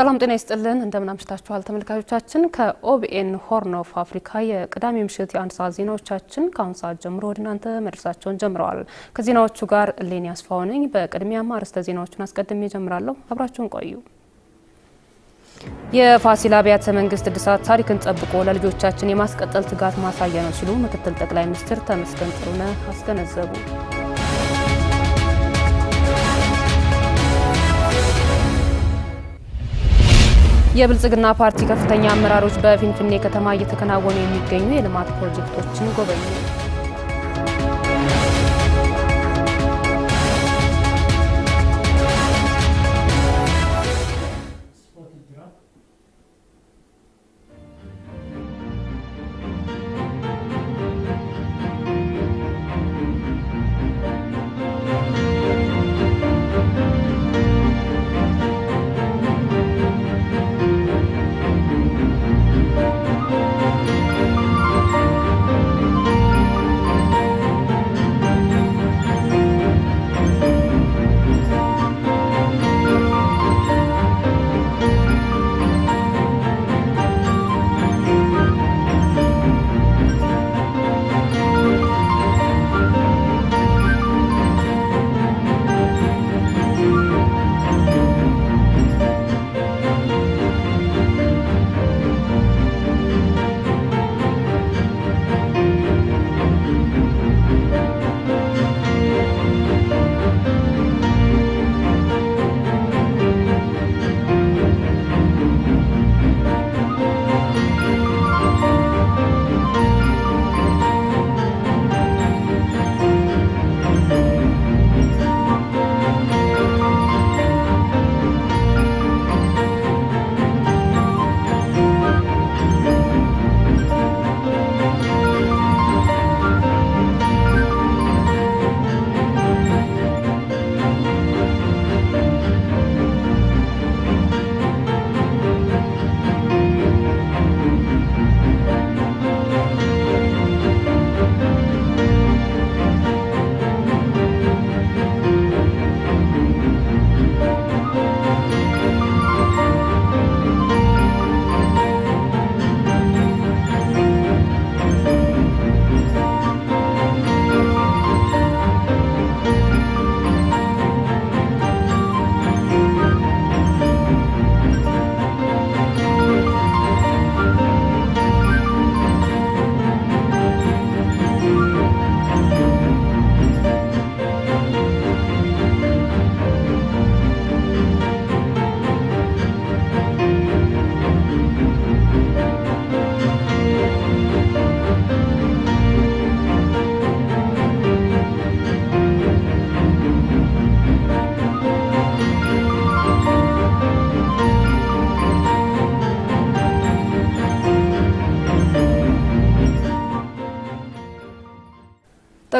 ሰላም ጤና ይስጥልን እንደምን አምሽታችኋል ተመልካቾቻችን። ከኦቢኤን ሆርን ኦፍ አፍሪካ የቅዳሜ ምሽት የአንድ ሰዓት ዜናዎቻችን ከአሁን ሰዓት ጀምሮ ወደ እናንተ መድረሳቸውን ጀምረዋል። ከዜናዎቹ ጋር እሌን አስፋው ነኝ። በቅድሚያም አርዕስተ ዜናዎቹን አስቀድሜ እጀምራለሁ። አብራችሁን ቆዩ። የፋሲል አብያተ መንግስት እድሳት ታሪክን ጠብቆ ለልጆቻችን የማስቀጠል ትጋት ማሳያ ነው ሲሉ ምክትል ጠቅላይ ሚኒስትር ተመስገን ጥሩነህ አስገነዘቡ። የብልጽግና ፓርቲ ከፍተኛ አመራሮች በፊንፊኔ ከተማ እየተከናወኑ የሚገኙ የልማት ፕሮጀክቶችን ጎበኙ።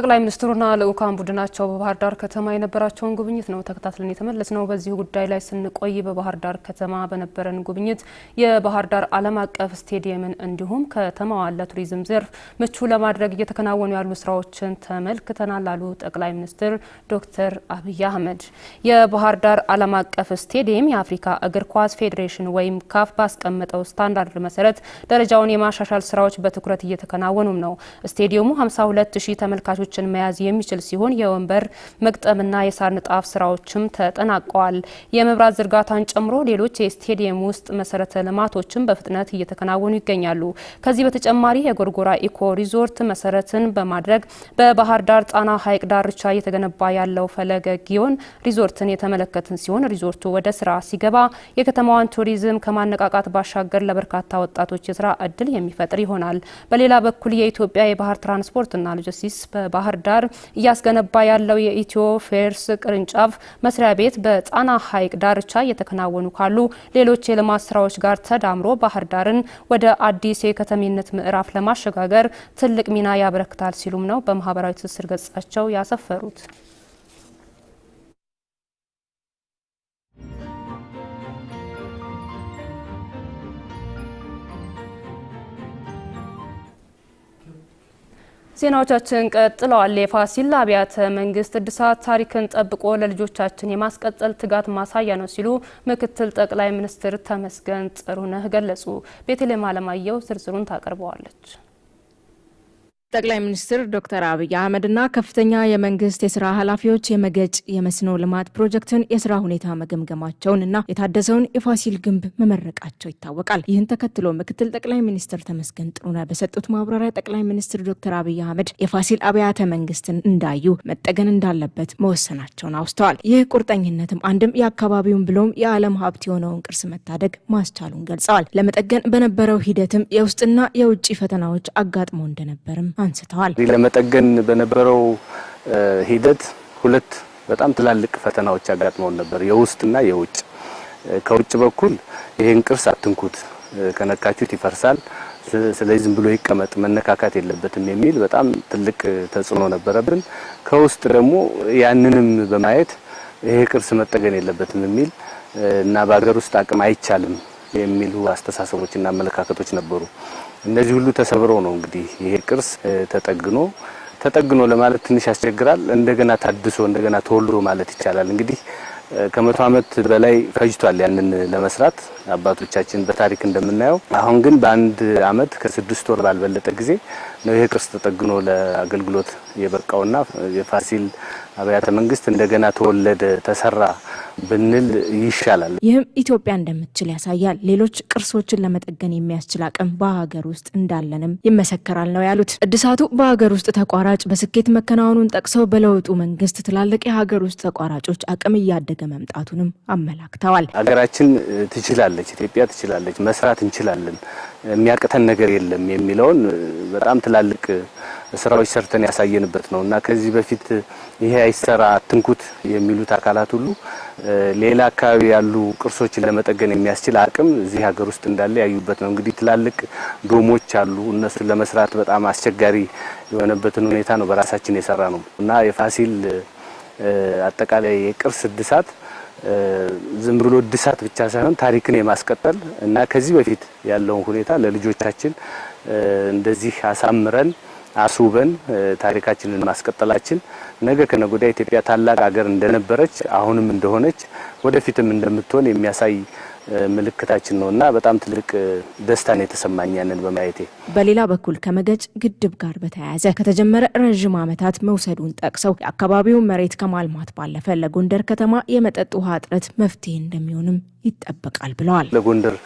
ጠቅላይ ሚኒስትሩና ልዑካን ቡድናቸው በባህር ዳር ከተማ የነበራቸውን ጉብኝት ነው ተከታትለን የተመለስ ነው። በዚህ ጉዳይ ላይ ስንቆይ በባህር ዳር ከተማ በነበረን ጉብኝት የባህር ዳር ዓለም አቀፍ ስቴዲየምን እንዲሁም ከተማዋን ለቱሪዝም ዘርፍ ምቹ ለማድረግ እየተከናወኑ ያሉ ስራዎችን ተመልክተናል አሉ ጠቅላይ ሚኒስትር ዶክተር አብይ አህመድ። የባህር ዳር ዓለም አቀፍ ስቴዲየም የአፍሪካ እግር ኳስ ፌዴሬሽን ወይም ካፍ ባስቀመጠው ስታንዳርድ መሰረት ደረጃውን የማሻሻል ስራዎች በትኩረት እየተከናወኑም ነው። ስቴዲየሙ 52 ሺህ ተመልካቾች ፕሮጀክቶችን መያዝ የሚችል ሲሆን የወንበር መግጠምና የሳር ንጣፍ ስራዎችም ተጠናቀዋል። የመብራት ዝርጋታን ጨምሮ ሌሎች የስቴዲየም ውስጥ መሰረተ ልማቶችም በፍጥነት እየተከናወኑ ይገኛሉ። ከዚህ በተጨማሪ የጎርጎራ ኢኮ ሪዞርት መሰረትን በማድረግ በባህር ዳር ጣና ሐይቅ ዳርቻ እየተገነባ ያለው ፈለገ ጊዮን ሪዞርትን የተመለከትን ሲሆን ሪዞርቱ ወደ ስራ ሲገባ የከተማዋን ቱሪዝም ከማነቃቃት ባሻገር ለበርካታ ወጣቶች የስራ እድል የሚፈጥር ይሆናል። በሌላ በኩል የኢትዮጵያ የባህር ትራንስፖርትና ሎጂስቲክስ ባህር ዳር እያስገነባ ያለው የኢትዮ ፌርስ ቅርንጫፍ መስሪያ ቤት በጣና ሐይቅ ዳርቻ እየተከናወኑ ካሉ ሌሎች የልማት ስራዎች ጋር ተዳምሮ ባህር ዳርን ወደ አዲስ የከተሜነት ምዕራፍ ለማሸጋገር ትልቅ ሚና ያበረክታል ሲሉም ነው በማህበራዊ ትስስር ገጻቸው ያሰፈሩት። ዜናዎቻችን ቀጥለዋል። የፋሲል አብያተ መንግስት እድሳት ታሪክን ጠብቆ ለልጆቻችን የማስቀጠል ትጋት ማሳያ ነው ሲሉ ምክትል ጠቅላይ ሚኒስትር ተመስገን ጥሩነህ ገለጹ። ቤተልሔም አለማየሁ ዝርዝሩን ታቀርበዋለች። ጠቅላይ ሚኒስትር ዶክተር አብይ አህመድ እና ከፍተኛ የመንግስት የስራ ኃላፊዎች የመገጭ የመስኖ ልማት ፕሮጀክትን የስራ ሁኔታ መገምገማቸውን እና የታደሰውን የፋሲል ግንብ መመረቃቸው ይታወቃል። ይህን ተከትሎ ምክትል ጠቅላይ ሚኒስትር ተመስገን ጥሩነህ በሰጡት ማብራሪያ ጠቅላይ ሚኒስትር ዶክተር አብይ አህመድ የፋሲል አብያተ መንግስትን እንዳዩ መጠገን እንዳለበት መወሰናቸውን አውስተዋል። ይህ ቁርጠኝነትም አንድም የአካባቢውን ብሎም የዓለም ሀብት የሆነውን ቅርስ መታደግ ማስቻሉን ገልጸዋል። ለመጠገን በነበረው ሂደትም የውስጥና የውጭ ፈተናዎች አጋጥሞ እንደነበርም አንስተዋል። ለመጠገን በነበረው ሂደት ሁለት በጣም ትላልቅ ፈተናዎች አጋጥመውን ነበር፣ የውስጥና የውጭ። ከውጭ በኩል ይሄን ቅርስ አትንኩት፣ ከነካችሁት ይፈርሳል፣ ስለዚህ ዝም ብሎ ይቀመጥ፣ መነካካት የለበትም የሚል በጣም ትልቅ ተጽዕኖ ነበረብን። ከውስጥ ደግሞ ያንንም በማየት ይሄ ቅርስ መጠገን የለበትም የሚል እና በሀገር ውስጥ አቅም አይቻልም የሚሉ አስተሳሰቦችና አመለካከቶች ነበሩ። እነዚህ ሁሉ ተሰብረው ነው እንግዲህ ይሄ ቅርስ ተጠግኖ ተጠግኖ ለማለት ትንሽ ያስቸግራል። እንደገና ታድሶ እንደገና ተወልዶ ማለት ይቻላል እንግዲህ ከመቶ ዓመት በላይ ፈጅቷል ያንን ለመስራት። አባቶቻችን በታሪክ እንደምናየው። አሁን ግን በአንድ አመት ከስድስት ወር ባልበለጠ ጊዜ ነው ይሄ ቅርስ ተጠግኖ ለአገልግሎት የበቃውና የፋሲል አብያተ መንግስት እንደገና ተወለደ ተሰራ ብንል ይሻላል። ይህም ኢትዮጵያ እንደምትችል ያሳያል። ሌሎች ቅርሶችን ለመጠገን የሚያስችል አቅም በሀገር ውስጥ እንዳለንም ይመሰከራል ነው ያሉት። እድሳቱ በሀገር ውስጥ ተቋራጭ በስኬት መከናወኑን ጠቅሰው በለውጡ መንግስት ትላልቅ የሀገር ውስጥ ተቋራጮች አቅም እያደገ መምጣቱንም አመላክተዋል። ሀገራችን ትችላለች። ትችላለች፣ ኢትዮጵያ ትችላለች፣ መስራት እንችላለን፣ የሚያቅተን ነገር የለም የሚለውን በጣም ትላልቅ ስራዎች ሰርተን ያሳየንበት ነው እና ከዚህ በፊት ይሄ አይሰራ አትንኩት የሚሉት አካላት ሁሉ ሌላ አካባቢ ያሉ ቅርሶችን ለመጠገን የሚያስችል አቅም እዚህ ሀገር ውስጥ እንዳለ ያዩበት ነው። እንግዲህ ትላልቅ ዶሞች አሉ። እነሱን ለመስራት በጣም አስቸጋሪ የሆነበትን ሁኔታ ነው በራሳችን የሰራ ነው እና የፋሲል አጠቃላይ የቅርስ እድሳት ዝም ብሎ እድሳት ብቻ ሳይሆን ታሪክን የማስቀጠል እና ከዚህ በፊት ያለውን ሁኔታ ለልጆቻችን እንደዚህ አሳምረን አስውበን ታሪካችንን ማስቀጠላችን ነገ ከነጎዳ ኢትዮጵያ ታላቅ ሀገር እንደነበረች አሁንም እንደሆነች ወደፊትም እንደምትሆን የሚያሳይ ምልክታችን ነው እና በጣም ትልቅ ደስታ ነው የተሰማኝ ያንን በማየቴ። በሌላ በኩል ከመገጭ ግድብ ጋር በተያያዘ ከተጀመረ ረዥም ዓመታት መውሰዱን ጠቅሰው የአካባቢውን መሬት ከማልማት ባለፈ ለጎንደር ከተማ የመጠጥ ውሃ እጥረት መፍትሄ እንደሚሆንም ይጠበቃል ብለዋል። ለጎንደር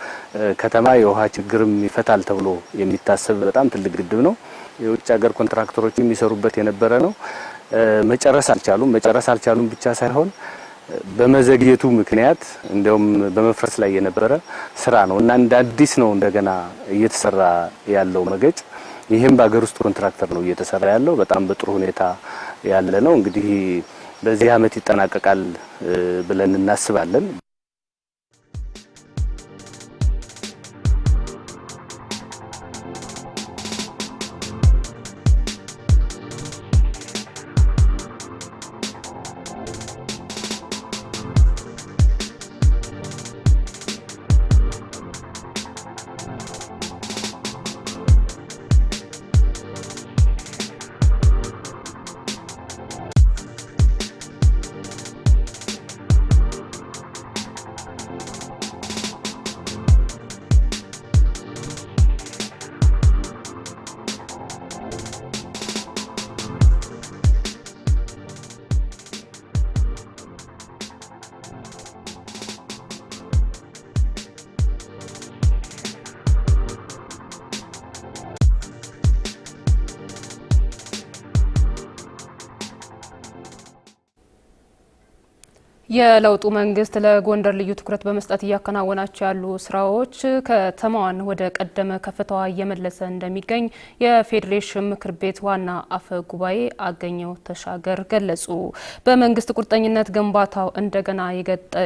ከተማ የውሃ ችግርም ይፈታል ተብሎ የሚታሰብ በጣም ትልቅ ግድብ ነው። የውጭ ሀገር ኮንትራክተሮች የሚሰሩበት የነበረ ነው። መጨረስ አልቻሉም። መጨረስ አልቻሉም ብቻ ሳይሆን በመዘግየቱ ምክንያት እንደውም በመፍረስ ላይ የነበረ ስራ ነው እና እንደ አዲስ ነው እንደገና እየተሰራ ያለው መገጭ። ይህም በሀገር ውስጥ ኮንትራክተር ነው እየተሰራ ያለው። በጣም በጥሩ ሁኔታ ያለ ነው። እንግዲህ በዚህ አመት ይጠናቀቃል ብለን እናስባለን። የለውጡ መንግስት ለጎንደር ልዩ ትኩረት በመስጠት እያከናወናቸው ያሉ ስራዎች ከተማዋን ወደ ቀደመ ከፍታዋ እየመለሰ እንደሚገኝ የፌዴሬሽን ምክር ቤት ዋና አፈ ጉባኤ አገኘው ተሻገር ገለጹ። በመንግስት ቁርጠኝነት ግንባታው እንደገና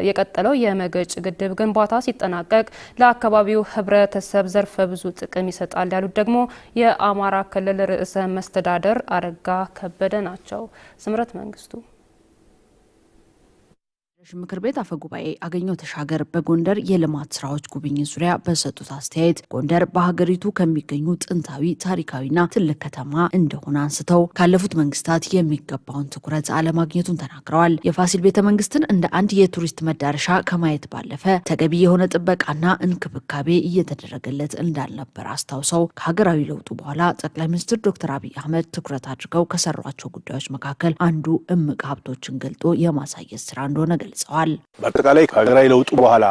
የቀጠለው የመገጭ ግድብ ግንባታ ሲጠናቀቅ ለአካባቢው ህብረተሰብ ዘርፈ ብዙ ጥቅም ይሰጣል ያሉት ደግሞ የአማራ ክልል ርዕሰ መስተዳደር አረጋ ከበደ ናቸው። ስምረት መንግስቱ ተወካዮች ምክር ቤት አፈ ጉባኤ አገኘሁ ተሻገር በጎንደር የልማት ስራዎች ጉብኝት ዙሪያ በሰጡት አስተያየት ጎንደር በሀገሪቱ ከሚገኙ ጥንታዊ ታሪካዊና ትልቅ ከተማ እንደሆነ አንስተው ካለፉት መንግስታት የሚገባውን ትኩረት አለማግኘቱን ተናግረዋል። የፋሲል ቤተ መንግስትን እንደ አንድ የቱሪስት መዳረሻ ከማየት ባለፈ ተገቢ የሆነ ጥበቃና እንክብካቤ እየተደረገለት እንዳልነበር አስታውሰው ከሀገራዊ ለውጡ በኋላ ጠቅላይ ሚኒስትር ዶክተር አብይ አህመድ ትኩረት አድርገው ከሰሯቸው ጉዳዮች መካከል አንዱ እምቅ ሀብቶችን ገልጦ የማሳየት ስራ እንደሆነ ገልጸዋል። ገልጸዋል። በአጠቃላይ ከሀገራዊ ለውጡ በኋላ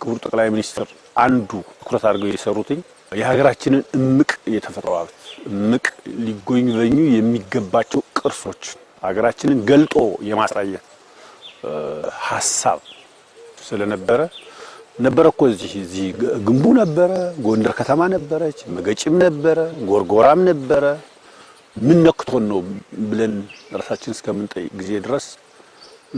ክቡር ጠቅላይ ሚኒስትር አንዱ ትኩረት አድርገው የሰሩትኝ የሀገራችንን እምቅ የተፈጥሮ ሀብት እምቅ ሊጎበኙ የሚገባቸው ቅርሶች ሀገራችንን ገልጦ የማሳየት ሀሳብ ስለነበረ ነበረ እኮ እዚህ እዚህ ግንቡ ነበረ፣ ጎንደር ከተማ ነበረች፣ መገጭም ነበረ፣ ጎርጎራም ነበረ። ምን ነክቶን ነው ብለን ራሳችን እስከምንጠይቅ ጊዜ ድረስ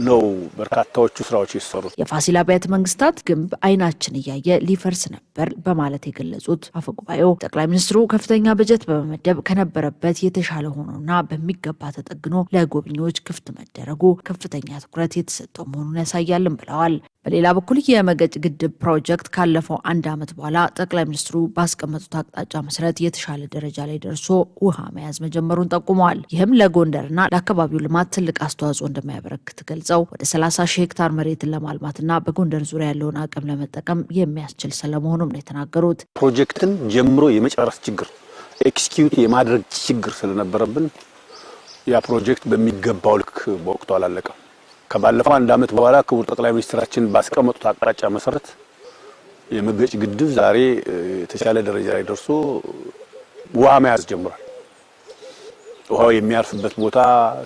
ነው በርካታዎቹ ስራዎች ይሰሩት። የፋሲል አብያተ መንግስታት ግንብ አይናችን እያየ ሊፈርስ ነበር በማለት የገለጹት አፈጉባኤው። ጠቅላይ ሚኒስትሩ ከፍተኛ በጀት በመመደብ ከነበረበት የተሻለ ሆኖና በሚገባ ተጠግኖ ለጎብኚዎች ክፍት መደረጉ ከፍተኛ ትኩረት የተሰጠው መሆኑን ያሳያልን ብለዋል። በሌላ በኩል የመገጭ ግድብ ፕሮጀክት ካለፈው አንድ ዓመት በኋላ ጠቅላይ ሚኒስትሩ ባስቀመጡት አቅጣጫ መሰረት የተሻለ ደረጃ ላይ ደርሶ ውሃ መያዝ መጀመሩን ጠቁመዋል። ይህም ለጎንደርና ለአካባቢው ልማት ትልቅ አስተዋጽኦ እንደሚያበረክት ገልጸዋል። ገልጸው ወደ 30 ሺህ ሄክታር መሬትን ለማልማትና በጎንደር ዙሪያ ያለውን አቅም ለመጠቀም የሚያስችል ስለመሆኑም ነው የተናገሩት። ፕሮጀክትን ጀምሮ የመጨረስ ችግር ኤክስኪዩት የማድረግ ችግር ስለነበረብን ያ ፕሮጀክት በሚገባው ልክ በወቅቱ አላለቀም። ከባለፈው አንድ ዓመት በኋላ ክቡር ጠቅላይ ሚኒስትራችን ባስቀመጡት አቅጣጫ መሰረት የመገጭ ግድብ ዛሬ የተሻለ ደረጃ ላይ ደርሶ ውሃ መያዝ ጀምሯል። ውሃው የሚያርፍበት ቦታ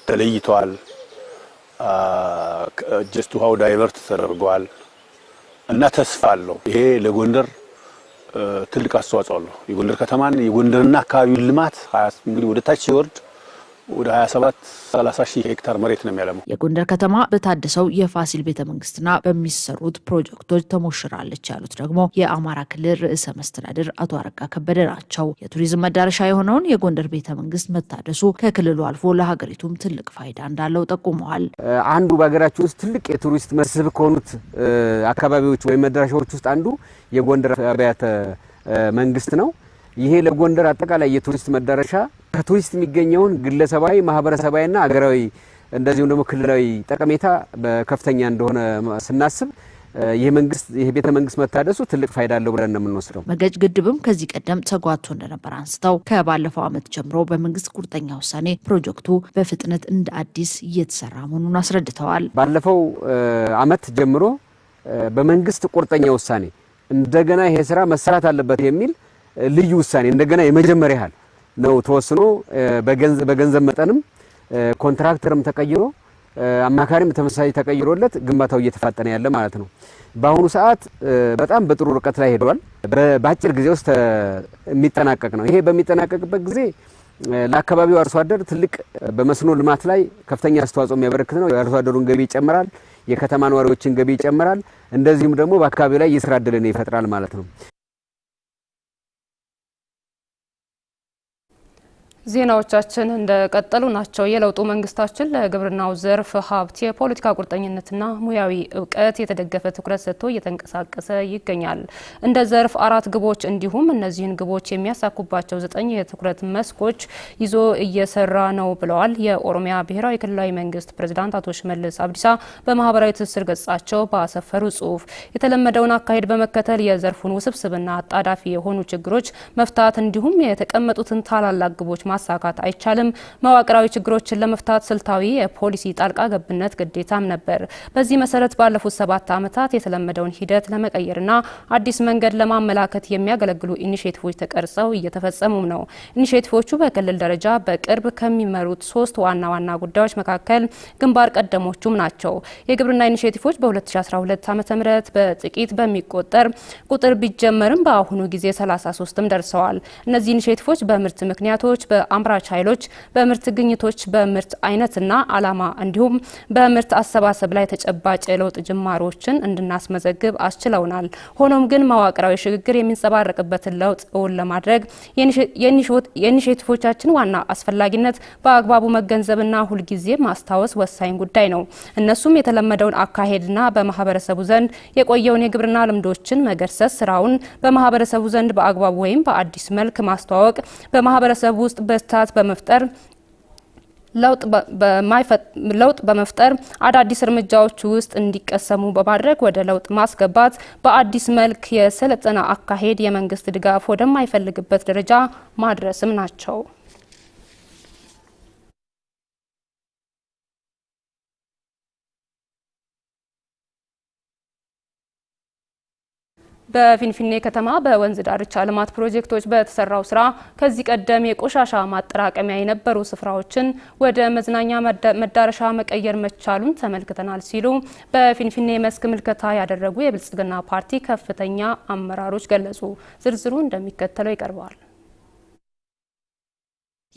ተለይተዋል። ጀስት ውሃው ዳይቨርት ተደርጓል እና ተስፋ አለው። ይሄ ለጎንደር ትልቅ አስተዋጽኦ አለው። የጎንደር ከተማን የጎንደርና አካባቢውን ልማት እንግዲህ ወደ ታች ሲወርድ ወደ 27 30 ሺህ ሄክታር መሬት ነው የሚያለሙ። የጎንደር ከተማ በታደሰው የፋሲል ቤተ መንግስትና በሚሰሩት ፕሮጀክቶች ተሞሽራለች ያሉት ደግሞ የአማራ ክልል ርዕሰ መስተዳድር አቶ አረጋ ከበደ ናቸው። የቱሪዝም መዳረሻ የሆነውን የጎንደር ቤተ መንግስት መታደሱ ከክልሉ አልፎ ለሀገሪቱም ትልቅ ፋይዳ እንዳለው ጠቁመዋል። አንዱ በሀገራችን ውስጥ ትልቅ የቱሪስት መስህብ ከሆኑት አካባቢዎች ወይም መዳረሻዎች ውስጥ አንዱ የጎንደር አብያተ መንግስት ነው። ይሄ ለጎንደር አጠቃላይ የቱሪስት መዳረሻ ከቱሪስት የሚገኘውን ግለሰባዊ፣ ማህበረሰባዊና አገራዊ እንደዚሁም ደግሞ ክልላዊ ጠቀሜታ በከፍተኛ እንደሆነ ስናስብ ይህ መንግስት ይህ ቤተ መንግስት መታደሱ ትልቅ ፋይዳ አለው ብለን ነው የምንወስደው። መገጭ ግድብም ከዚህ ቀደም ተጓቶ እንደነበር አንስተው ከባለፈው ዓመት ጀምሮ በመንግስት ቁርጠኛ ውሳኔ ፕሮጀክቱ በፍጥነት እንደ አዲስ እየተሰራ መሆኑን አስረድተዋል። ባለፈው ዓመት ጀምሮ በመንግስት ቁርጠኛ ውሳኔ እንደገና ይሄ ስራ መሰራት አለበት የሚል ልዩ ውሳኔ እንደገና የመጀመሪያ ያህል ነው ተወስኖ በገንዘብ መጠንም ኮንትራክተርም ተቀይሮ አማካሪም ተመሳሳይ ተቀይሮለት ግንባታው እየተፋጠነ ያለ ማለት ነው። በአሁኑ ሰዓት በጣም በጥሩ ርቀት ላይ ሄደዋል። በአጭር ጊዜ ውስጥ የሚጠናቀቅ ነው። ይሄ በሚጠናቀቅበት ጊዜ ለአካባቢው አርሶ አደር ትልቅ በመስኖ ልማት ላይ ከፍተኛ አስተዋጽኦ የሚያበረክት ነው። የአርሶ አደሩን ገቢ ይጨምራል፣ የከተማ ነዋሪዎችን ገቢ ይጨምራል። እንደዚሁም ደግሞ በአካባቢው ላይ የስራ እድልን ይፈጥራል ማለት ነው። ዜናዎቻችን እንደቀጠሉ ናቸው። የለውጡ መንግስታችን ለግብርናው ዘርፍ ሀብት የፖለቲካ ቁርጠኝነትና ሙያዊ እውቀት የተደገፈ ትኩረት ሰጥቶ እየተንቀሳቀሰ ይገኛል። እንደ ዘርፍ አራት ግቦች እንዲሁም እነዚህን ግቦች የሚያሳኩባቸው ዘጠኝ የትኩረት መስኮች ይዞ እየሰራ ነው ብለዋል የኦሮሚያ ብሔራዊ ክልላዊ መንግስት ፕሬዚዳንት አቶ ሽመልስ አብዲሳ በማህበራዊ ትስስር ገጻቸው ባሰፈሩ ጽሁፍ። የተለመደውን አካሄድ በመከተል የዘርፉን ውስብስብና አጣዳፊ የሆኑ ችግሮች መፍታት እንዲሁም የተቀመጡትን ታላላቅ ግቦች ማሳካት አይቻልም። መዋቅራዊ ችግሮችን ለመፍታት ስልታዊ የፖሊሲ ጣልቃ ገብነት ግዴታም ነበር። በዚህ መሰረት ባለፉት ሰባት ዓመታት የተለመደውን ሂደት ለመቀየርና አዲስ መንገድ ለማመላከት የሚያገለግሉ ኢኒሼቲቮች ተቀርጸው እየተፈጸሙም ነው። ኢኒሼቲቮቹ በክልል ደረጃ በቅርብ ከሚመሩት ሶስት ዋና ዋና ጉዳዮች መካከል ግንባር ቀደሞቹም ናቸው። የግብርና ኢኒሼቲቮች በ2012 ዓ ም በጥቂት በሚቆጠር ቁጥር ቢጀመርም በአሁኑ ጊዜ 33ም ደርሰዋል። እነዚህ ኢኒሼቲቮች በምርት ምክንያቶች፣ በ በአምራች ኃይሎች በምርት ግኝቶች፣ በምርት አይነትና ዓላማ እንዲሁም በምርት አሰባሰብ ላይ ተጨባጭ የለውጥ ጅማሮችን እንድናስመዘግብ አስችለውናል። ሆኖም ግን መዋቅራዊ ሽግግር የሚንጸባረቅበትን ለውጥ እውን ለማድረግ የኢኒሼቲቮቻችን ዋና አስፈላጊነት በአግባቡ መገንዘብና ሁልጊዜ ማስታወስ ወሳኝ ጉዳይ ነው። እነሱም የተለመደውን አካሄድና በማህበረሰቡ ዘንድ የቆየውን የግብርና ልምዶችን መገርሰስ፣ ስራውን በማህበረሰቡ ዘንድ በአግባቡ ወይም በአዲስ መልክ ማስተዋወቅ፣ በማህበረሰቡ ውስጥ በስታት በመፍጠር ለውጥ በመፍጠር አዳዲስ እርምጃዎች ውስጥ እንዲቀሰሙ በማድረግ ወደ ለውጥ ማስገባት፣ በአዲስ መልክ የሰለጠነ አካሄድ የመንግስት ድጋፍ ወደማይፈልግበት ደረጃ ማድረስም ናቸው። በፊንፊኔ ከተማ በወንዝ ዳርቻ ልማት ፕሮጀክቶች በተሰራው ስራ ከዚህ ቀደም የቆሻሻ ማጠራቀሚያ የነበሩ ስፍራዎችን ወደ መዝናኛ መዳረሻ መቀየር መቻሉን ተመልክተናል ሲሉ በፊንፊኔ መስክ ምልከታ ያደረጉ የብልጽግና ፓርቲ ከፍተኛ አመራሮች ገለጹ። ዝርዝሩ እንደሚከተለው ይቀርበዋል።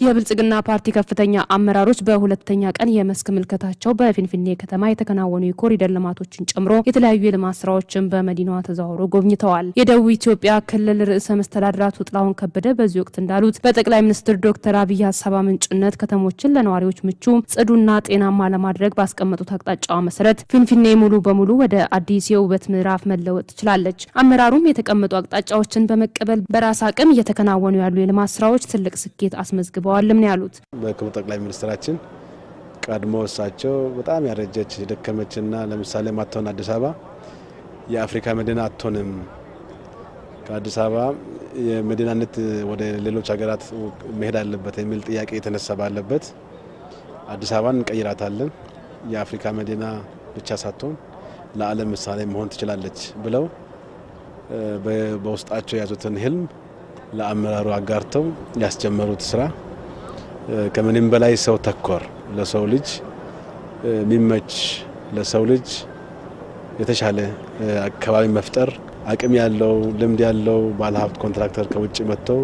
የብልጽግና ፓርቲ ከፍተኛ አመራሮች በሁለተኛ ቀን የመስክ ምልከታቸው በፊንፊኔ ከተማ የተከናወኑ የኮሪደር ልማቶችን ጨምሮ የተለያዩ የልማት ስራዎችን በመዲናዋ ተዘዋውሮ ጎብኝተዋል። የደቡብ ኢትዮጵያ ክልል ርዕሰ መስተዳድር አቶ ጥላሁን ከበደ በዚህ ወቅት እንዳሉት በጠቅላይ ሚኒስትር ዶክተር አብይ ሀሳብ አመንጭነት ከተሞችን ለነዋሪዎች ምቹ፣ ጽዱና ጤናማ ለማድረግ ባስቀመጡት አቅጣጫ መሰረት ፊንፊኔ ሙሉ በሙሉ ወደ አዲስ የውበት ምዕራፍ መለወጥ ትችላለች። አመራሩም የተቀመጡ አቅጣጫዎችን በመቀበል በራስ አቅም እየተከናወኑ ያሉ የልማት ስራዎች ትልቅ ስኬት አስመዝግበ ተመዝግበዋልም ነው ያሉት። በክቡር ጠቅላይ ሚኒስትራችን ቀድሞ እሳቸው በጣም ያረጀች የደከመችና ለምሳሌ ማትሆን አዲስ አበባ የአፍሪካ መዲና አትሆንም ከአዲስ አበባ የመዲናነት ወደ ሌሎች ሀገራት መሄድ አለበት የሚል ጥያቄ የተነሳ ባለበት አዲስ አበባን እንቀይራታለን፣ የአፍሪካ መዲና ብቻ ሳትሆን ለዓለም ምሳሌ መሆን ትችላለች ብለው በውስጣቸው የያዙትን ህልም ለአመራሩ አጋርተው ያስጀመሩት ስራ ከምንም በላይ ሰው ተኮር ለሰው ልጅ የሚመች ለሰው ልጅ የተሻለ አካባቢ መፍጠር አቅም ያለው ልምድ ያለው ባለሀብት ኮንትራክተር ከውጭ መጥተው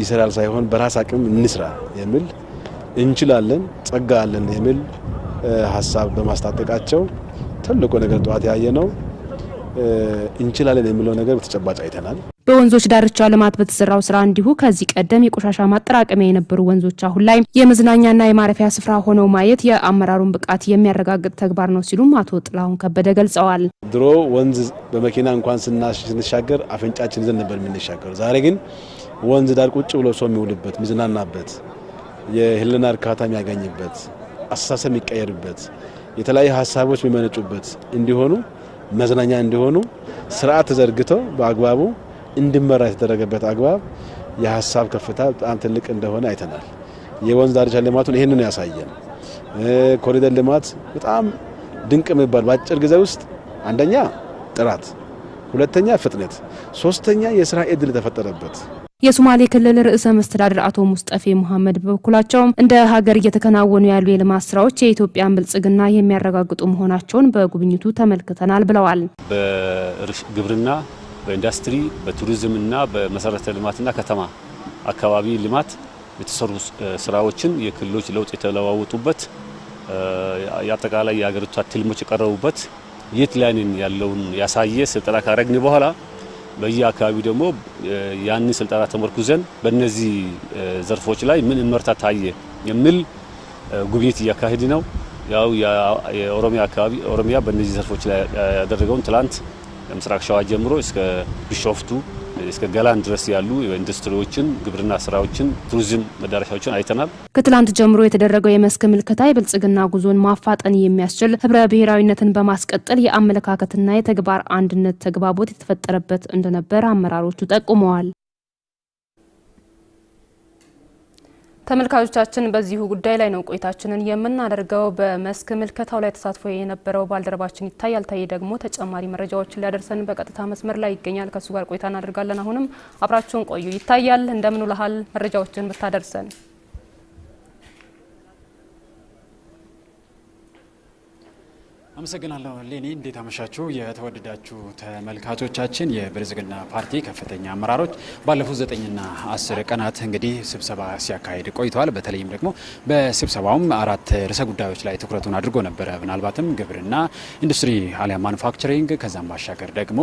ይሰራል ሳይሆን በራስ አቅም እንስራ የሚል እንችላለን፣ ጸጋ አለን የሚል ሀሳብ በማስታጠቃቸው ትልቁ ነገር ጠዋት ያየ ነው። እንችላለን የሚለው ነገር በተጨባጭ አይተናል። በወንዞች ዳርቻ ልማት በተሰራው ስራ እንዲሁ ከዚህ ቀደም የቆሻሻ ማጠራቀሚያ የነበሩ ወንዞች አሁን ላይ የመዝናኛና የማረፊያ ስፍራ ሆነው ማየት የአመራሩን ብቃት የሚያረጋግጥ ተግባር ነው ሲሉም አቶ ጥላሁን ከበደ ገልጸዋል። ድሮ ወንዝ በመኪና እንኳን ስንሻገር አፍንጫችን ይዘን ነበር የምንሻገሩ። ዛሬ ግን ወንዝ ዳር ቁጭ ብሎ ሰው የሚውልበት የሚዝናናበት፣ የህልና እርካታ የሚያገኝበት፣ አስተሳሰብ የሚቀየርበት፣ የተለያዩ ሀሳቦች የሚመነጩበት እንዲሆኑ መዝናኛ እንዲሆኑ ስርዓት ተዘርግተው በአግባቡ እንዲመራ የተደረገበት አግባብ የሀሳብ ከፍታ በጣም ትልቅ እንደሆነ አይተናል። የወንዝ ዳርቻ ልማቱን ይህንን ያሳየን። ኮሪደር ልማት በጣም ድንቅ የሚባል በአጭር ጊዜ ውስጥ አንደኛ ጥራት፣ ሁለተኛ ፍጥነት፣ ሶስተኛ የስራ እድል የተፈጠረበት የሶማሌ ክልል ርዕሰ መስተዳድር አቶ ሙስጠፌ መሐመድ በበኩላቸውም እንደ ሀገር እየተከናወኑ ያሉ የልማት ስራዎች የኢትዮጵያን ብልጽግና የሚያረጋግጡ መሆናቸውን በጉብኝቱ ተመልክተናል ብለዋል። በግብርና በኢንዱስትሪ በቱሪዝምና በመሰረተ ልማትና ከተማ አካባቢ ልማት የተሰሩ ስራዎችን የክልሎች ለውጥ የተለዋወጡበት የአጠቃላይ የሀገሪቷ ትልሞች የቀረቡበት የት ላይንን ያለውን ያሳየ ስልጠና ካረግን በኋላ በየአካባቢው ደግሞ ያንን ስልጠና ተመርኩዘን በእነዚህ ዘርፎች ላይ ምን እመርታ ታየ የሚል ጉብኝት እያካሄድ ነው። ያው የኦሮሚያ አካባቢ ኦሮሚያ በእነዚህ ዘርፎች ላይ ያደረገውን ትላንት ከምስራቅ ሸዋ ጀምሮ እስከ ቢሾፍቱ እስከ ገላን ድረስ ያሉ ኢንዱስትሪዎችን፣ ግብርና ስራዎችን፣ ቱሪዝም መዳረሻዎችን አይተናል። ከትላንት ጀምሮ የተደረገው የመስክ ምልከታ የብልጽግና ጉዞን ማፋጠን የሚያስችል ህብረ ብሔራዊነትን በማስቀጠል የአመለካከትና የተግባር አንድነት ተግባቦት የተፈጠረበት እንደነበር አመራሮቹ ጠቁመዋል። ተመልካቾቻችን በዚሁ ጉዳይ ላይ ነው ቆይታችንን የምናደርገው። በመስክ ምልከታው ላይ ተሳትፎ የነበረው ባልደረባችን ይታያል ታዬ ደግሞ ተጨማሪ መረጃዎችን ሊያደርሰን በቀጥታ መስመር ላይ ይገኛል። ከእሱ ጋር ቆይታ እናደርጋለን። አሁንም አብራችሁን ቆዩ። ይታያል፣ እንደምን ውለሃል? መረጃዎችን ብታደርሰን አመሰግናለሁ ሌኒ። እንዴት አመሻችሁ? የተወደዳችሁ ተመልካቾቻችን፣ የብልጽግና ፓርቲ ከፍተኛ አመራሮች ባለፉት ዘጠኝና አስር ቀናት እንግዲህ ስብሰባ ሲያካሂድ ቆይተዋል። በተለይም ደግሞ በስብሰባውም አራት ርዕሰ ጉዳዮች ላይ ትኩረቱን አድርጎ ነበረ። ምናልባትም ግብርና፣ ኢንዱስትሪ አሊያ ማኑፋክቸሪንግ፣ ከዛም ባሻገር ደግሞ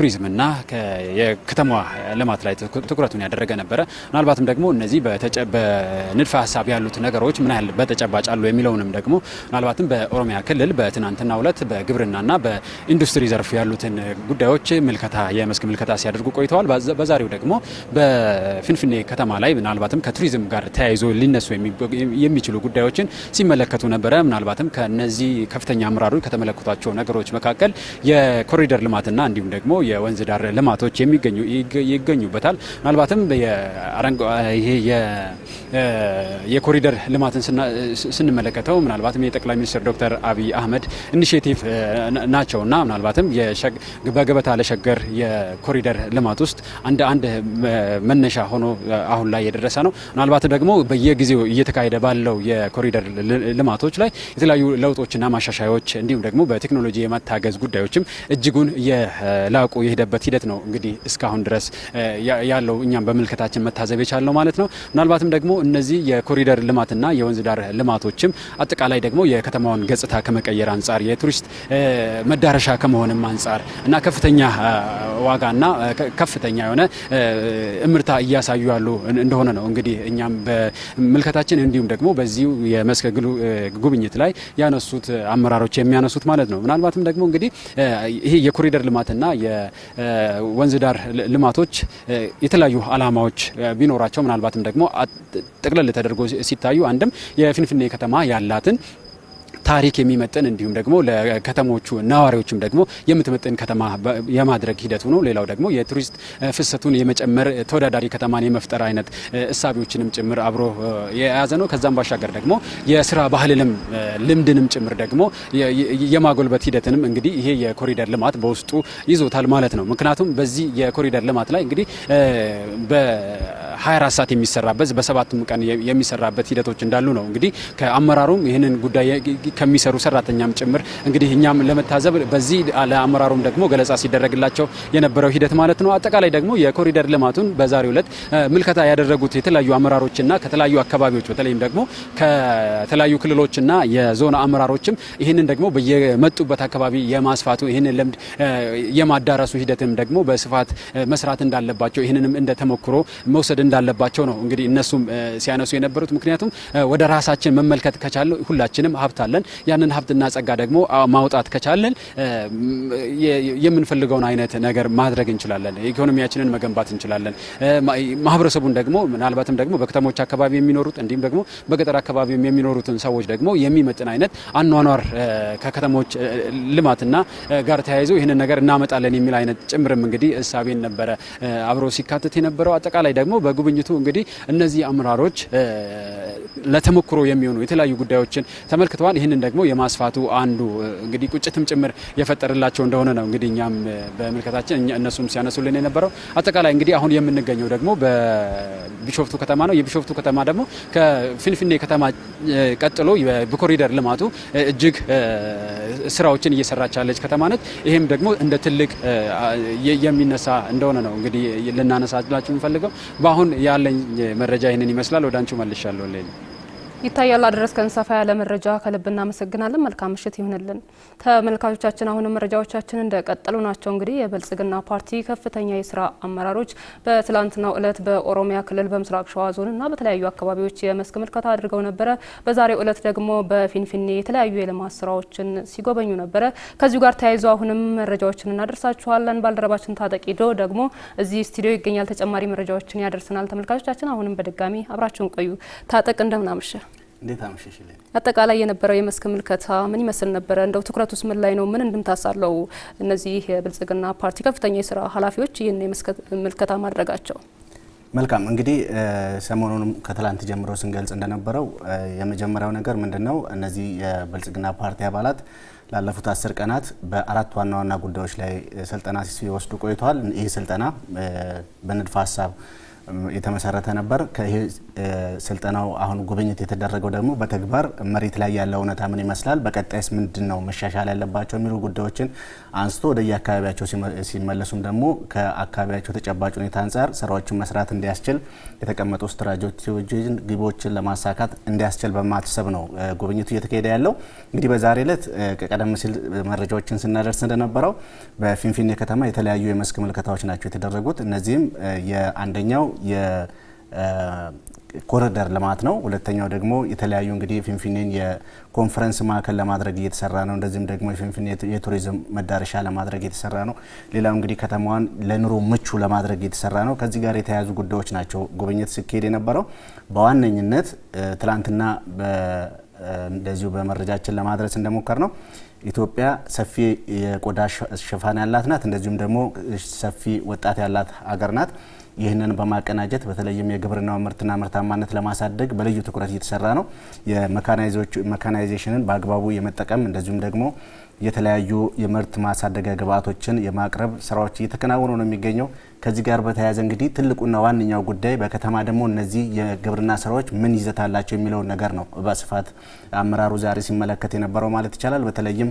ቱሪዝምና የከተማ ልማት ላይ ትኩረቱን ያደረገ ነበረ። ምናልባትም ደግሞ እነዚህ በንድፈ ሀሳብ ያሉት ነገሮች ምን ያህል በተጨባጭ አሉ የሚለውንም ደግሞ ምናልባትም በኦሮሚያ ክልል በትናንትናው ዕለት በግብርናና በኢንዱስትሪ ዘርፍ ያሉትን ጉዳዮች ምልከታ የመስክ ምልከታ ሲያደርጉ ቆይተዋል። በዛሬው ደግሞ በፍንፍኔ ከተማ ላይ ምናልባትም ከቱሪዝም ጋር ተያይዞ ሊነሱ የሚችሉ ጉዳዮችን ሲመለከቱ ነበረ። ምናልባትም ከነዚህ ከፍተኛ አመራሮች ከተመለከቷቸው ነገሮች መካከል የኮሪደር ልማትና እንዲሁም ደግሞ የወንዝ ዳር ልማቶች የሚገኙ ይገኙበታል። ምናልባትም ይሄ የኮሪደር ልማትን ስንመለከተው ምናልባትም የጠቅላይ ሚኒስትር ዶክተር አብይ አህመድ ኢኒሽቲቭ እና ምናልባትም በገበታ ለሸገር የኮሪደር ልማት ውስጥ አንድ አንድ መነሻ ሆኖ አሁን ላይ የደረሰ ነው። ምናልባት ደግሞ በየጊዜው እየተካሄደ ባለው የኮሪደር ልማቶች ላይ የተለያዩ ለውጦችና ማሻሻያዎች እንዲሁም ደግሞ በቴክኖሎጂ የመታገዝ ጉዳዮችም እጅጉን የላቁ የሄደበት ሂደት ነው እንግዲህ እስካሁን ድረስ ያለው እኛም በምልከታችን መታዘብ የቻልነው ማለት ነው። ምናልባትም ደግሞ እነዚህ የኮሪደር ልማትና የወንዝ ዳር ልማቶችም አጠቃላይ ደግሞ የከተማዋን ገጽታ ከመ ከመቀየር አንጻር የቱሪስት መዳረሻ ከመሆንም አንጻር እና ከፍተኛ ዋጋና ከፍተኛ የሆነ እምርታ እያሳዩ ያሉ እንደሆነ ነው እንግዲህ እኛም በምልከታችን እንዲሁም ደግሞ በዚሁ የመስክ ጉብኝት ላይ ያነሱት አመራሮች የሚያነሱት ማለት ነው። ምናልባትም ደግሞ እንግዲህ ይሄ የኮሪደር ልማትና የወንዝ ዳር ልማቶች የተለያዩ አላማዎች ቢኖራቸው ምናልባትም ደግሞ ጥቅልል ተደርጎ ሲታዩ አንድም የፍንፍኔ ከተማ ያላትን ታሪክ የሚመጥን እንዲሁም ደግሞ ለከተሞቹ ነዋሪዎችም ደግሞ የምትመጥን ከተማ የማድረግ ሂደቱ ነው። ሌላው ደግሞ የቱሪስት ፍሰቱን የመጨመር ተወዳዳሪ ከተማን የመፍጠር አይነት እሳቢዎችንም ጭምር አብሮ የያዘ ነው። ከዛም ባሻገር ደግሞ የስራ ባህልንም ልምድንም ጭምር ደግሞ የማጎልበት ሂደትንም እንግዲህ ይሄ የኮሪደር ልማት በውስጡ ይዞታል ማለት ነው። ምክንያቱም በዚህ የኮሪደር ልማት ላይ እንግዲህ በ24 ሰዓት የሚሰራበት በሰባቱም ቀን የሚሰራበት ሂደቶች እንዳሉ ነው። እንግዲህ ከአመራሩም ይህንን ጉዳይ ከሚሰሩ ሰራተኛም ጭምር እንግዲህ እኛም ለመታዘብ በዚህ ለአመራሩም ደግሞ ገለጻ ሲደረግላቸው የነበረው ሂደት ማለት ነው። አጠቃላይ ደግሞ የኮሪደር ልማቱን በዛሬው ዕለት ምልከታ ያደረጉት የተለያዩ አመራሮችና ከተለያዩ አካባቢዎች በተለይም ደግሞ ከተለያዩ ክልሎችና የዞን አመራሮችም ይህንን ደግሞ በየመጡበት አካባቢ የማስፋቱ ይህንን ልምድ የማዳረሱ ሂደትም ደግሞ በስፋት መስራት እንዳለባቸው ይህንንም እንደ ተሞክሮ መውሰድ እንዳለባቸው ነው እንግዲህ እነሱም ሲያነሱ የነበሩት። ምክንያቱም ወደ ራሳችን መመልከት ከቻለ ሁላችንም ሀብት አለን፣ ከቻልን ያንን ሀብትና ጸጋ ደግሞ ማውጣት ከቻለን የምንፈልገውን አይነት ነገር ማድረግ እንችላለን። ኢኮኖሚያችንን መገንባት እንችላለን። ማህበረሰቡን ደግሞ ምናልባትም ደግሞ በከተሞች አካባቢ የሚኖሩት እንዲሁም ደግሞ በገጠር አካባቢ የሚኖሩትን ሰዎች ደግሞ የሚመጥን አይነት አኗኗር ከከተሞች ልማትና ጋር ተያይዞ ይህንን ነገር እናመጣለን የሚል አይነት ጭምርም እንግዲህ እሳቤን ነበረ አብሮ ሲካተት የነበረው። አጠቃላይ ደግሞ በጉብኝቱ እንግዲህ እነዚህ አመራሮች ለተሞክሮ የሚሆኑ የተለያዩ ጉዳዮችን ተመልክተዋል። ይህን ይህንን ደግሞ የማስፋቱ አንዱ እንግዲህ ቁጭትም ጭምር የፈጠረላቸው እንደሆነ ነው እንግዲህ እኛም በምልከታችን እነሱም ሲያነሱልን የነበረው። አጠቃላይ እንግዲህ አሁን የምንገኘው ደግሞ በቢሾፍቱ ከተማ ነው። የቢሾፍቱ ከተማ ደግሞ ከፊንፊኔ ከተማ ቀጥሎ በኮሪደር ልማቱ እጅግ ስራዎችን እየሰራች ያለች ከተማ ነች። ይህም ደግሞ እንደ ትልቅ የሚነሳ እንደሆነ ነው እንግዲህ ልናነሳላችሁ የምፈልገው። በአሁን ያለኝ መረጃ ይህንን ይመስላል። ወደ አንቺ መልሻለሁ። ይታያል አድረስከን ሰፋ ያለ መረጃ ከልብ እናመሰግናለን። መልካም ምሽት ይሁንልን ተመልካቾቻችን። አሁንም መረጃዎቻችን እንደቀጠሉ ናቸው። እንግዲህ የብልጽግና ፓርቲ ከፍተኛ የስራ አመራሮች በትላንትናው እለት በኦሮሚያ ክልል በምስራቅ ሸዋ ዞንና በተለያዩ አካባቢዎች የመስክ ምልከታ አድርገው ነበረ። በዛሬው እለት ደግሞ በፊንፊኔ የተለያዩ የልማት ስራዎችን ሲጎበኙ ነበረ። ከዚሁ ጋር ተያይዞ አሁንም መረጃዎችን እናደርሳችኋለን። ባልደረባችን ዶ ደግሞ እዚህ ስቱዲዮ ይገኛል። ተጨማሪ መረጃዎችን ያደርሰናል። ተመልካቾቻችን አሁንም በድጋሚ አብራችሁን ቆዩ። ታጠቅ እንደምናምሽ እንዴት አምሽሽልኝ። አጠቃላይ የነበረው የመስክ ምልከታ ምን ይመስል ነበረ? እንደው ትኩረት ውስጥ ምን ላይ ነው? ምን እንድምታሳለው እነዚህ የብልጽግና ፓርቲ ከፍተኛ የስራ ኃላፊዎች ይህን የመስክ ምልከታ ማድረጋቸው? መልካም እንግዲህ ሰሞኑንም ከትላንት ጀምሮ ስንገልጽ እንደነበረው የመጀመሪያው ነገር ምንድን ነው እነዚህ የብልጽግና ፓርቲ አባላት ላለፉት አስር ቀናት በአራት ዋና ዋና ጉዳዮች ላይ ስልጠና ሲወስዱ ቆይተዋል። ይህ ስልጠና በንድፈ ሀሳብ የተመሰረተ ነበር። ስልጠናው አሁን ጉብኝት የተደረገው ደግሞ በተግባር መሬት ላይ ያለው እውነታ ምን ይመስላል፣ በቀጣይስ ምንድን ነው መሻሻል ያለባቸው የሚሉ ጉዳዮችን አንስቶ ወደ የአካባቢያቸው ሲመለሱም ደግሞ ከአካባቢያቸው ተጨባጭ ሁኔታ አንጻር ስራዎችን መስራት እንዲያስችል የተቀመጡ ስትራቴጂዎችን፣ ግቦችን ለማሳካት እንዲያስችል በማሰብ ነው ጉብኝቱ እየተካሄደ ያለው። እንግዲህ በዛሬ ዕለት ቀደም ሲል መረጃዎችን ስናደርስ እንደነበረው በፊንፊኔ ከተማ የተለያዩ የመስክ ምልከታዎች ናቸው የተደረጉት። እነዚህም የአንደኛው ኮሪደር ልማት ነው። ሁለተኛው ደግሞ የተለያዩ እንግዲህ ፊንፊኔን የኮንፈረንስ ማዕከል ለማድረግ እየተሰራ ነው። እንደዚሁም ደግሞ የፊንፊኔ የቱሪዝም መዳረሻ ለማድረግ እየተሰራ ነው። ሌላው እንግዲህ ከተማዋን ለኑሮ ምቹ ለማድረግ እየተሰራ ነው። ከዚህ ጋር የተያያዙ ጉዳዮች ናቸው ጉብኝት ሲካሄድ የነበረው በዋነኝነት ትላንትና እንደዚሁ በመረጃችን ለማድረስ እንደሞከር ነው ኢትዮጵያ ሰፊ የቆዳ ሽፋን ያላት ናት። እንደዚሁም ደግሞ ሰፊ ወጣት ያላት ሀገር ናት። ይህንን በማቀናጀት በተለይም የግብርናው ምርትና ምርታማነት ለማሳደግ በልዩ ትኩረት እየተሰራ ነው። የመካናይዜሽንን በአግባቡ የመጠቀም እንደዚሁም ደግሞ የተለያዩ የምርት ማሳደጊያ ግብአቶችን የማቅረብ ስራዎች እየተከናወኑ ነው የሚገኘው። ከዚህ ጋር በተያያዘ እንግዲህ ትልቁና ዋነኛው ጉዳይ በከተማ ደግሞ እነዚህ የግብርና ስራዎች ምን ይዘት አላቸው የሚለውን ነገር ነው በስፋት አመራሩ ዛሬ ሲመለከት የነበረው ማለት ይቻላል። በተለይም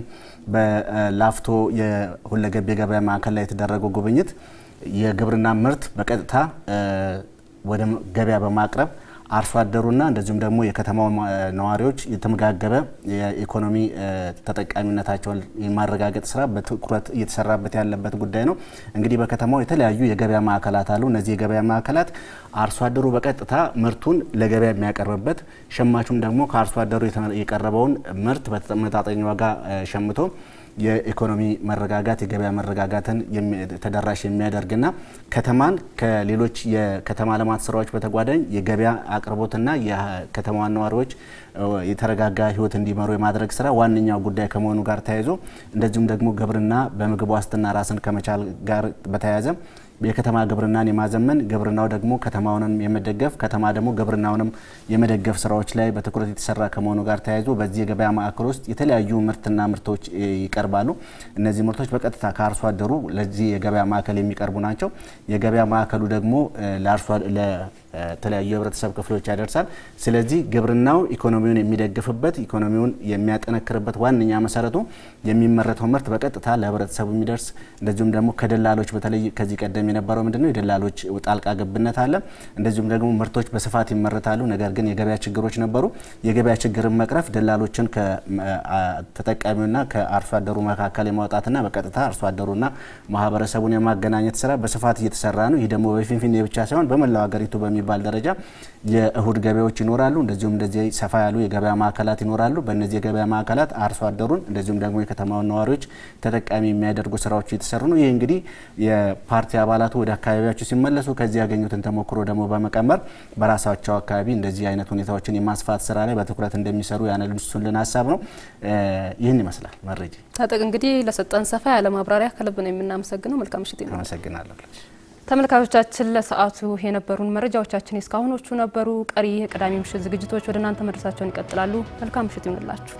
በላፍቶ የሁለገብ የገበያ ማዕከል ላይ የተደረገው ጉብኝት የግብርና ምርት በቀጥታ ወደ ገበያ በማቅረብ አርሶ አደሩና እንደዚሁም ደግሞ የከተማው ነዋሪዎች የተመጋገበ የኢኮኖሚ ተጠቃሚነታቸውን የማረጋገጥ ስራ በትኩረት እየተሰራበት ያለበት ጉዳይ ነው። እንግዲህ በከተማው የተለያዩ የገበያ ማዕከላት አሉ። እነዚህ የገበያ ማዕከላት አርሶ አደሩ በቀጥታ ምርቱን ለገበያ የሚያቀርብበት፣ ሸማቹም ደግሞ ከአርሶ አደሩ የቀረበውን ምርት በተመጣጣኝ ዋጋ ሸምቶ የኢኮኖሚ መረጋጋት የገበያ መረጋጋትን ተደራሽ የሚያደርግና ከተማን ከሌሎች የከተማ ልማት ስራዎች በተጓዳኝ የገበያ አቅርቦትና የከተማዋ ነዋሪዎች የተረጋጋ ህይወት እንዲመሩ የማድረግ ስራ ዋነኛው ጉዳይ ከመሆኑ ጋር ተያይዞ እንደዚሁም ደግሞ ግብርና በምግብ ዋስትና ራስን ከመቻል ጋር በተያያዘ የከተማ ግብርናን የማዘመን ግብርናው ደግሞ ከተማውንም የመደገፍ ከተማ ደግሞ ግብርናውንም የመደገፍ ስራዎች ላይ በትኩረት የተሰራ ከመሆኑ ጋር ተያይዞ በዚህ የገበያ ማዕከል ውስጥ የተለያዩ ምርትና ምርቶች ይቀርባሉ። እነዚህ ምርቶች በቀጥታ ከአርሶ አደሩ ለዚህ የገበያ ማዕከል የሚቀርቡ ናቸው። የገበያ ማዕከሉ ደግሞ ተለያዩ የህብረተሰብ ክፍሎች ያደርሳል። ስለዚህ ግብርናው ኢኮኖሚውን የሚደግፍበት ኢኮኖሚውን የሚያጠነክርበት ዋነኛ መሰረቱ የሚመረተው ምርት በቀጥታ ለህብረተሰቡ የሚደርስ እንደዚሁም ደግሞ ከደላሎች በተለይ ከዚህ ቀደም የነበረው ምንድነው የደላሎች ጣልቃ ገብነት አለ። እንደዚሁም ደግሞ ምርቶች በስፋት ይመረታሉ፣ ነገር ግን የገበያ ችግሮች ነበሩ። የገበያ ችግርን መቅረፍ ደላሎችን ከተጠቃሚውና ከአርሶ አደሩ መካከል የማውጣትና በቀጥታ አርሶ አደሩና ማህበረሰቡን የማገናኘት ስራ በስፋት እየተሰራ ነው። ይህ ደግሞ በፊንፊኔ ብቻ ሳይሆን በመላው ሀገሪቱ በሚ በሚባል ደረጃ የእሁድ ገበያዎች ይኖራሉ። እንደዚሁም እንደዚህ ሰፋ ያሉ የገበያ ማዕከላት ይኖራሉ። በእነዚህ የገበያ ማዕከላት አርሶ አደሩን እንደዚሁም ደግሞ የከተማውን ነዋሪዎች ተጠቃሚ የሚያደርጉ ስራዎች እየተሰሩ ነው። ይህ እንግዲህ የፓርቲ አባላቱ ወደ አካባቢያቸው ሲመለሱ ከዚህ ያገኙትን ተሞክሮ ደግሞ በመቀመር በራሳቸው አካባቢ እንደዚህ አይነት ሁኔታዎችን የማስፋት ስራ ላይ በትኩረት እንደሚሰሩ ያነሱልን ሀሳብ ነው። ይህን ይመስላል መረጃ። ታጠቅ እንግዲህ ለሰጠን ሰፋ ያለ ማብራሪያ ከልብ ነው የምናመሰግነው። መልካም ምሽት። አመሰግናለሁ። ተመልካቾቻችን ለሰዓቱ የነበሩን መረጃዎቻችን እስካሁኖቹ ነበሩ። ቀሪ የቅዳሜ ምሽት ዝግጅቶች ወደ እናንተ መድረሳቸውን ይቀጥላሉ። መልካም ምሽት ይሁንላችሁ።